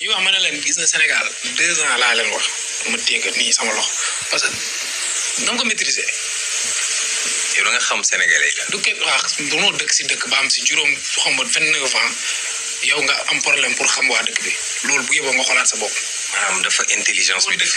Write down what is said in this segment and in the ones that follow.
yi wax ma ne leen gis na Sénégal deux ans laa leen wax ma téye nii sama loxo parce que danga ko maîtriser. yow da nga xam Sénégalais la. du képp wax bu dëkk si dëkk ba am si juróom xam ma vingt neuf ans yow nga am problème pour xam waa dëkk bi loolu bu yeboo nga xolaat sa bopp. maanaam dafa intelligence bi dëkk.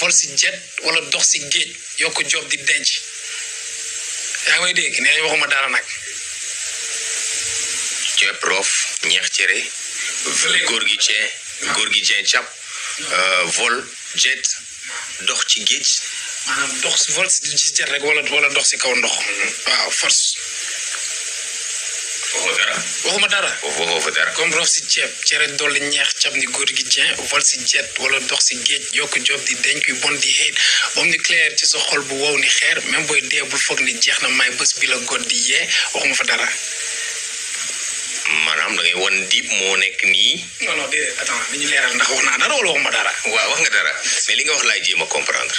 fol si jet wala dox si géej yokk job di denc yaa ngi may dégg nee nañ waxuma dara nag. cee prof ñeex cere. góor gi cee góor gi cee cap euh, vol jet dox ci géej. maanaam si vol si jet rek wala wala dox si kaw ndox. Mm-hmm. waaw force. waxo dara waxuma dara waxo dara comme rof ci ciep cere dolli ñeex ciap ni goor gi jeen vol ci jet wala dox ci geej yok job di denc yu bon di heet bom ni clair ci sa xol bu waw ni xeer même boy dee bul foog ni jeex na may bës bi la god di yee waxuma fa dara manam da ngay won deep mo nek ni non non de attends dañu leral ndax wax na dara wala waxuma dara wa wax nga dara mais li nga wax lay comprendre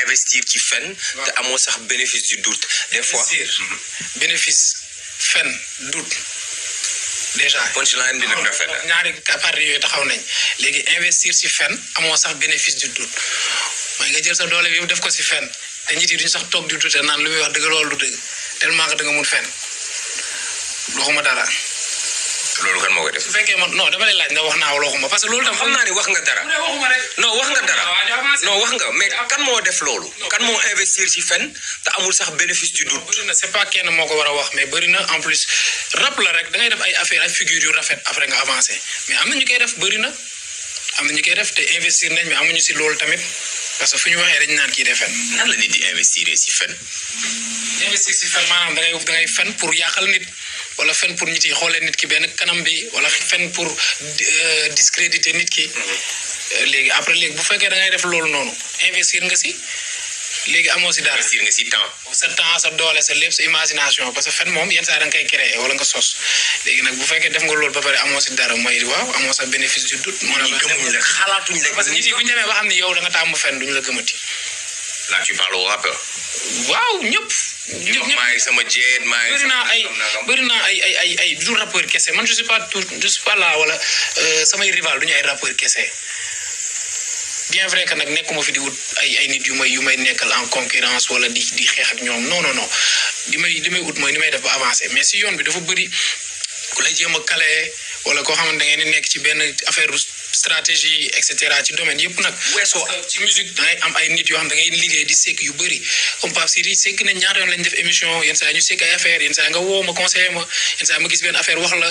investir ci fen. te amo sax bénéfice du doute. des fois mhm. bénéfice fen doute déjà. punchline bi nag na fen ñaari parti yooyu taxaw nañ léegi investir ci fen amo sax bénéfice du doute mooy nga jël sa doole bi def ko ci fen te nit yi duñ sax tok di dute naan lu muy wax dëgg loolu du dëgg tellement que da nga mu fen waxuma dara. loolu nah, kan moo koy def su fekkee man non dama lay laaj ndax wax naa wala waxuma parce que loolu tam xam naa ne wax nga dara non wax nga dara non wax nga mais kan moo def loolu kan moo investir ci fen te amul sax bénéfice du doute c'est pas kenn moo ko war a wax mais bëri en plus rap la rek da ngay def ay affaire ay figure yu rafet après nga avancé mais eh? am ñu koy def bëri na ñu koy def te investir nañ mais amuñu ci loolu tamit parce que fu ñu waxee dañ naan kii de nan la nit di investir ci fen investir ci fen maanaam da ngay da ngay fen pour yàqal nit wala fen pour nit yi xoolee nit ki benn kanam bi wala fen pour euh, discréditer nit ki mhm. léegi après léegi bu fekkee da ngay def loolu noonu investir nga si léegi amoo si dara investir nga si temps sa temps sa doole sa lépp sa imagination parce que fen moom yenn saa da nga koy nga sos léegi nag bu fekkee def nga loolu ba pare amoo si dara mooy waaw amoo sa bénéfice du doute. moo la gëmuñu la xalaatuñu la parce que yow da nga tàmm fen duñu la gëmati. là tu parles waaw ñëpp. ñëpp maay sama jeet maay. naa ay bëri naa ay ay ay ay du rappeur kese man je suis pas tout je suis pas là wala euh, samay rival du ñu ay rappeur kese. bien vrai que nag nekkuma fi di wut ay ay nit yu may yu may nekkal en concurrence wala di di xeex ak ñoom non non non di may di may ut mooy ni may def avancé mais si yoon bi dafa bëri ku lay jéem a kale wala koo xamante ne ngeen nekk ci benn affaire stratégie et cetera ci domaine yëpp nag. soo ci musique da am ay nit yoo xam da liggéey di sekk yu bëri comme Pape Sidy sekk na ñaar yoon lañ def émission yenn saa ñu sekk ay affaire yenn saa nga woo ma conseiller ma yenn saa ma gis benn affaire wax la.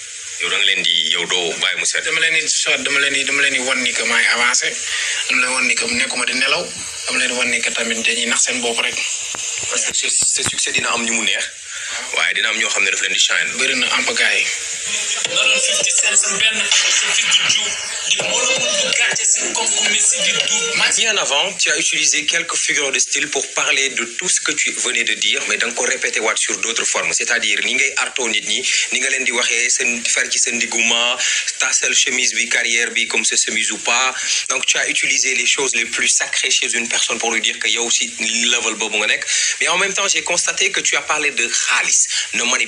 yow da leen di yow doo bàyyi mu seet. dama leen di soit dama leen di dama leen di wan ni que maay avancé dama leen wan ni que nekkuma di nelaw dama leen wan ni tamit tamit yi nax seen bopp rek. parce que ce succès dina am ñu mu neex. waaye dina am ñoo xam ne daf leen di changer. bëri na am ba yi. nga Ben, c'est en avant, tu as utilisé quelques figures de style pour parler de tout ce que tu venais de dire mais donc répéter ko sur d'autres formes c'est-à-dire ni arto artoo nit ñi ni nga leen di waxee seen ci tassel chemise bi carrière bi comme c'est chemise ou pas donc tu as utilisé les choses les plus sacrées chez une personne pour lui dire qu'il y a aussi level boobu nga mais en même temps j'ai constaté que tu as parlé de xaalis no money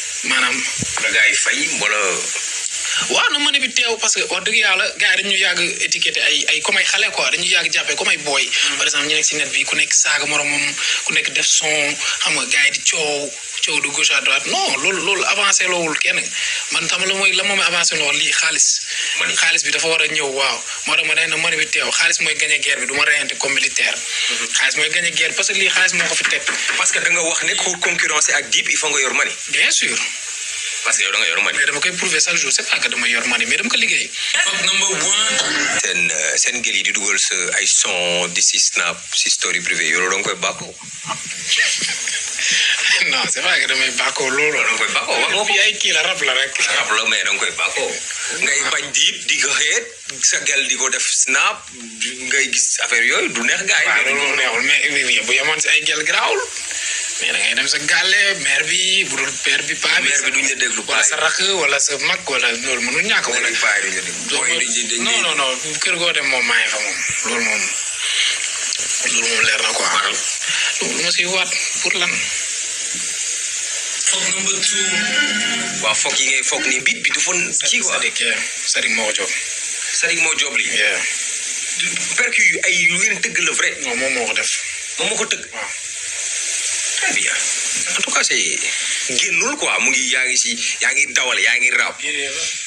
maanaam la yi fay wala. waa na mën a bi teew parce que wax dëgg yàlla gars yi dañu yàgg étiqueté ay ay comme ay xale quoi dañu yàgg jàppee comme ay booy. Hmm. par exemple ñu nekk si net bi ku nekk saaga moromam ku nekk def son xam nga gars yi di coow coow du gauche à droite non avancé loowul kenn man xam la mooy la moom avancé loo lii xaalis. xaalis bi dafa war a ñëw waaw moo tax ma nee xaalis mooy gagné guerre bi du ma reyante comme militaire. Mhm. mooy gagné guerre parce que xaalis moo ko fi teg. parce que da nga wax ne pour concurrencer ak Dip il faut nga yor mani. bien sûr. parce que yow da yor mani. mais dama koy prouver seen euh, seen yi di dugal sa ay son di si snap si story privé yow da nga koy bàkkoo. non c'est vrai que damay bàkkoo loolu. da nga koy bàkkoo wax nga ay kii la rab la rek. rab la mais da koy bàkkoo. ngay bañ diib di ko xeet eh, sa gel di ko def snap ngay gis affaire yooyu du neex gars yi. waaw loolu mais bu yemoon si ay gel garaawul. mais da ngay dem sa gàlle maire bi bu dul père bi paa bi. maire bi duñ la déglu wala sa rakk wala sa mag wala loolu mënul ñàkk wala. paa yi duñ moom maa fa moom loolu moom. loolu moom leer na ko waral loolu ma si waat pour lan. waa number foog yi ngay foog nii bit bi du fon ci quoi Sadik moo ko joob. Sadik moo joob lii. percu yu ay lu ngeen tëgg la vrai. moom moo ko def. moom moo ko tëgg. waaw. très bien en tout cas c'est génnul quoi mu ngi yaa ngi si yaa ngi dawal yaa ngi raab.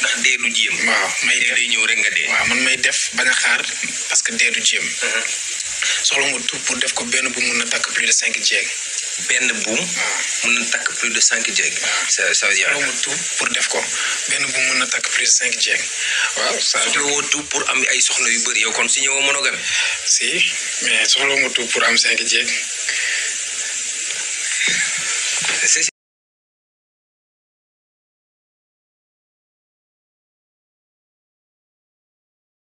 ndax dee du jéem waaw may dee day ñëw rek nga dee waaw man may def baña xaar parce que dee du jéem uh-huh. soxla nga tout pour def ko benn bu mun na takk plus de 5 jeeg benn buum mun na takk plus de 5 jeeg ça ça veut dire soxla tout pour def ko benn bu mun na takk plus de 5 jeeg waaw ça soxla woo tout pour am ay soxna yu bëri yow kon si ñëw monogame si mais soxla nga tout pour am 5 jeeg